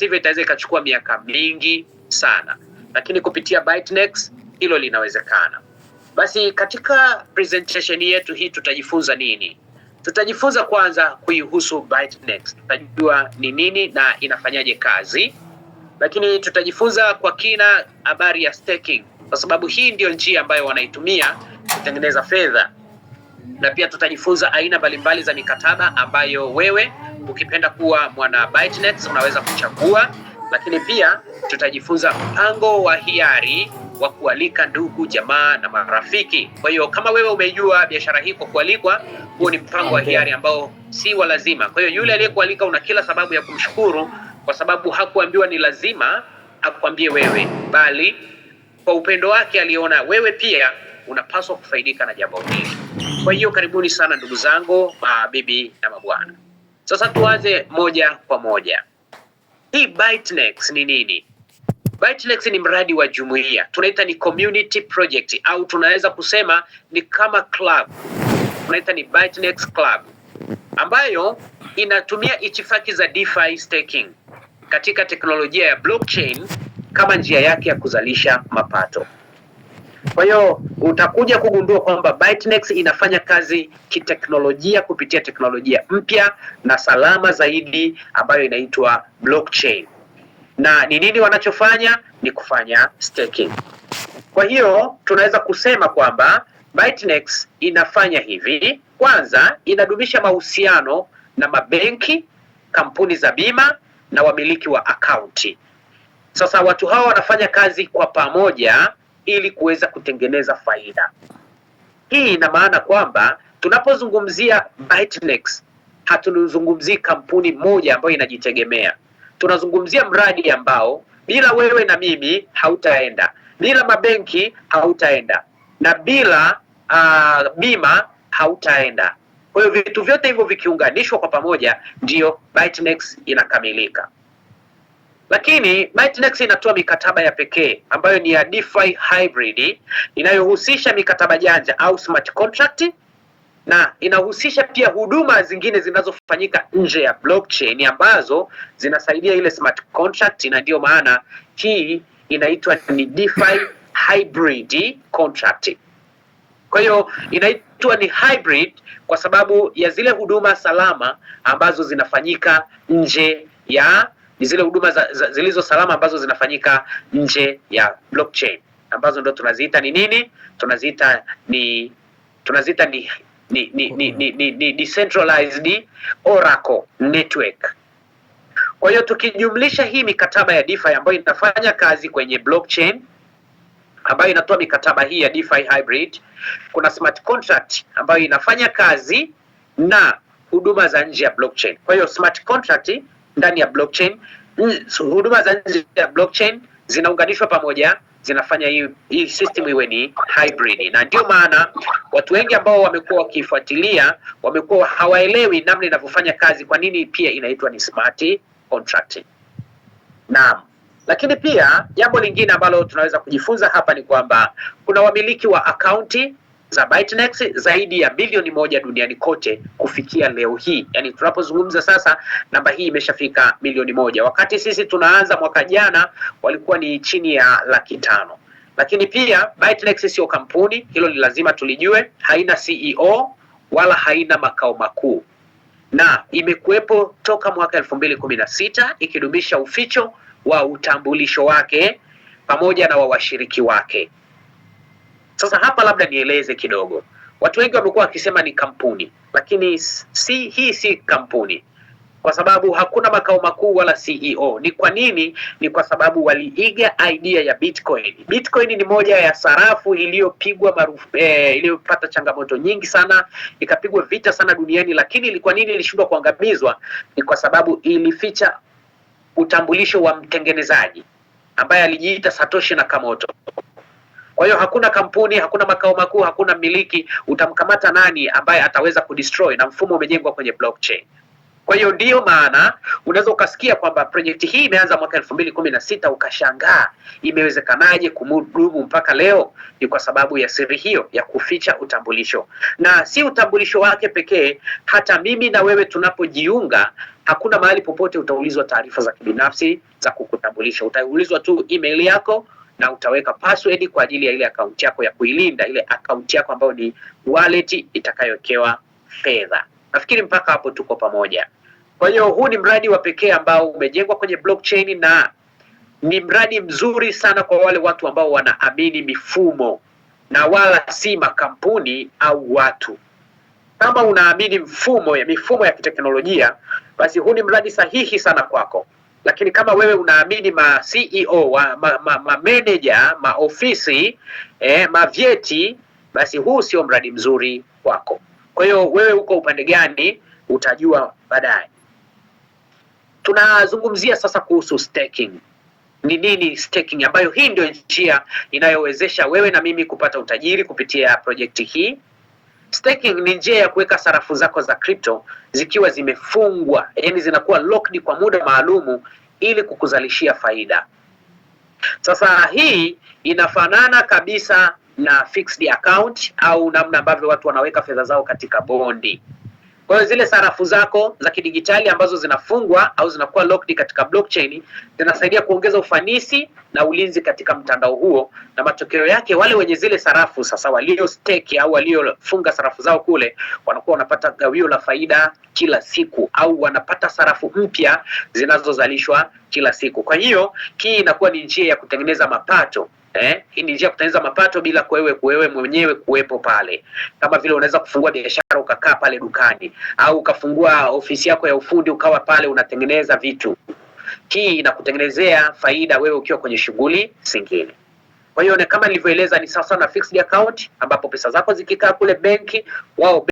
hivyo itaweza ikachukua miaka mingi sana, lakini kupitia ByteDance hilo linawezekana. Basi katika presentation yetu hii tutajifunza nini? Tutajifunza kwanza kuihusu ByteDance, tutajua ni nini na inafanyaje kazi, lakini tutajifunza kwa kina habari ya staking, kwa sababu hii ndio njia ambayo wanaitumia kutengeneza fedha na pia tutajifunza aina mbalimbali za mikataba ambayo wewe ukipenda kuwa mwana Bytenets unaweza kuchagua, lakini pia tutajifunza mpango wa hiari wa kualika ndugu jamaa na marafiki. Kwa hiyo kama wewe umejua biashara hii kwa kualikwa, huo ni mpango wa hiari ambao si wa lazima. Kwa hiyo yule aliyekualika una kila sababu ya kumshukuru, kwa sababu hakuambiwa ni lazima akwambie wewe, bali kwa upendo wake aliona wewe pia unapaswa kufaidika na jambo hili. Kwa hiyo karibuni sana ndugu zangu, mabibi na mabwana. Sasa tuanze moja kwa moja. Hii ByteDance ni nini? ByteDance ni mradi wa jumuiya, tunaita ni community project au tunaweza kusema ni kama club, tunaita ni ByteDance club ambayo inatumia itifaki za DeFi staking katika teknolojia ya blockchain kama njia yake ya kuzalisha mapato. Kwa hiyo utakuja kugundua kwamba Bitnex inafanya kazi kiteknolojia kupitia teknolojia mpya na salama zaidi ambayo inaitwa blockchain. Na ni nini wanachofanya? Ni kufanya staking. Kwa hiyo tunaweza kusema kwamba Bitnex inafanya hivi: kwanza, inadumisha mahusiano na mabenki, kampuni za bima na wamiliki wa akaunti. Sasa watu hawa wanafanya kazi kwa pamoja ili kuweza kutengeneza faida. Hii ina maana kwamba tunapozungumzia Bitnex hatuzungumzii kampuni moja ambayo inajitegemea. Tunazungumzia mradi ambao bila wewe na mimi hautaenda, bila mabenki hautaenda, na bila uh, bima hautaenda. Kwa hiyo vitu vyote hivyo vikiunganishwa kwa pamoja, ndiyo Bitnex inakamilika. Lakini Mytnex inatoa mikataba ya pekee ambayo ni ya DeFi hybrid inayohusisha mikataba janja au smart contract na inahusisha pia huduma zingine zinazofanyika nje ya blockchain ambazo zinasaidia ile smart contract, na ndiyo maana hii inaitwa ni DeFi hybrid contract. Kwa hiyo inaitwa ni hybrid kwa sababu ya zile huduma salama ambazo zinafanyika nje ya ni zile huduma za, za, zilizo salama ambazo zinafanyika nje ya blockchain ambazo ndo tunaziita ni nini? Tunaziita ni tunaziita ni ni ni, ni, ni, ni, ni decentralized oracle network. Kwa hiyo tukijumlisha hii mikataba ya DeFi ambayo inafanya kazi kwenye blockchain ambayo inatoa mikataba hii ya DeFi hybrid, kuna smart contract ambayo inafanya kazi na huduma za nje ya blockchain. Kwa hiyo smart contract ndani ya blockchain. Huduma za nje ya blockchain zinaunganishwa pamoja, zinafanya hii, hii system iwe ni hybrid, na ndio maana watu wengi ambao wamekuwa wakifuatilia wamekuwa hawaelewi namna inavyofanya kazi, kwa nini pia inaitwa ni smart contract. Naam. Lakini pia jambo lingine ambalo tunaweza kujifunza hapa ni kwamba kuna wamiliki wa akaunti za Bitnex zaidi ya bilioni moja duniani kote kufikia leo hii. Yaani tunapozungumza sasa, namba hii imeshafika milioni moja. Wakati sisi tunaanza mwaka jana walikuwa ni chini ya laki tano. Lakini pia Bitnex sio kampuni, hilo ni lazima tulijue. Haina CEO wala haina makao makuu na imekuwepo toka mwaka elfu mbili kumi na sita ikidumisha uficho wa utambulisho wake pamoja na wa washiriki wake. Sasa hapa labda nieleze kidogo. Watu wengi wamekuwa wakisema ni kampuni, lakini si hii si kampuni kwa sababu hakuna makao makuu wala CEO. Ni kwa nini? Ni kwa sababu waliiga idea ya Bitcoin. Bitcoin ni moja ya sarafu iliyopigwa marufu eh, iliyopata changamoto nyingi sana, ikapigwa vita sana duniani, lakini kwa nini ilishindwa kuangamizwa? Ni kwa sababu ilificha utambulisho wa mtengenezaji ambaye alijiita Satoshi Nakamoto. Kwa hiyo hakuna kampuni, hakuna makao makuu, hakuna mmiliki. Utamkamata nani ambaye ataweza kudestroy? Na mfumo umejengwa kwenye blockchain. Kwa hiyo ndiyo maana unaweza ukasikia kwamba projekti hii imeanza mwaka elfu mbili kumi na sita ukashangaa imewezekanaje kumudumu mpaka leo. Ni kwa sababu ya siri hiyo ya kuficha utambulisho, na si utambulisho wake pekee. Hata mimi na wewe tunapojiunga, hakuna mahali popote utaulizwa taarifa za kibinafsi za kukutambulisha. Utaulizwa tu email yako na utaweka password kwa ajili ya ile akaunti yako ya kuilinda, ile akaunti yako ambayo ni wallet itakayowekewa fedha. Nafikiri mpaka hapo tuko pamoja. Kwa hiyo huu ni mradi wa pekee ambao umejengwa kwenye blockchain na ni mradi mzuri sana kwa wale watu ambao wanaamini mifumo na wala si makampuni au watu. Kama unaamini mfumo ya mifumo ya kiteknolojia, basi huu ni mradi sahihi sana kwako. Lakini kama wewe unaamini ma CEO wa ma, ma, ma manager, maofisi eh, mavyeti, basi huu sio mradi mzuri wako. Kwa hiyo wewe uko upande gani utajua baadaye. Tunazungumzia sasa kuhusu staking. Ni nini staking? Ambayo hii ndio njia inayowezesha wewe na mimi kupata utajiri kupitia projekti hii. Staking ni njia ya kuweka sarafu zako za crypto zikiwa zimefungwa, yani zinakuwa locked kwa muda maalumu ili kukuzalishia faida. Sasa hii inafanana kabisa na fixed account au namna ambavyo watu wanaweka fedha zao katika bondi. Kwa hiyo zile sarafu zako za kidigitali ambazo zinafungwa au zinakuwa locked katika blockchain zinasaidia kuongeza ufanisi na ulinzi katika mtandao huo, na matokeo yake wale wenye zile sarafu sasa walio stake au waliofunga sarafu zao kule wanakuwa wanapata gawio la faida kila siku, au wanapata sarafu mpya zinazozalishwa kila siku. Kwa hiyo hii inakuwa ni njia ya kutengeneza mapato. Eh, hii ni njia ya kutengeneza mapato bila kwewe kwewe mwenyewe kuwepo pale. Kama vile unaweza kufungua biashara ukakaa pale dukani au ukafungua ofisi yako ya ufundi ukawa pale unatengeneza vitu. Hii inakutengenezea faida wewe ukiwa kwenye shughuli zingine. Kwa hiyo kama nilivyoeleza, ni sawa sawa na fixed account ambapo pesa zako zikikaa kule benki wao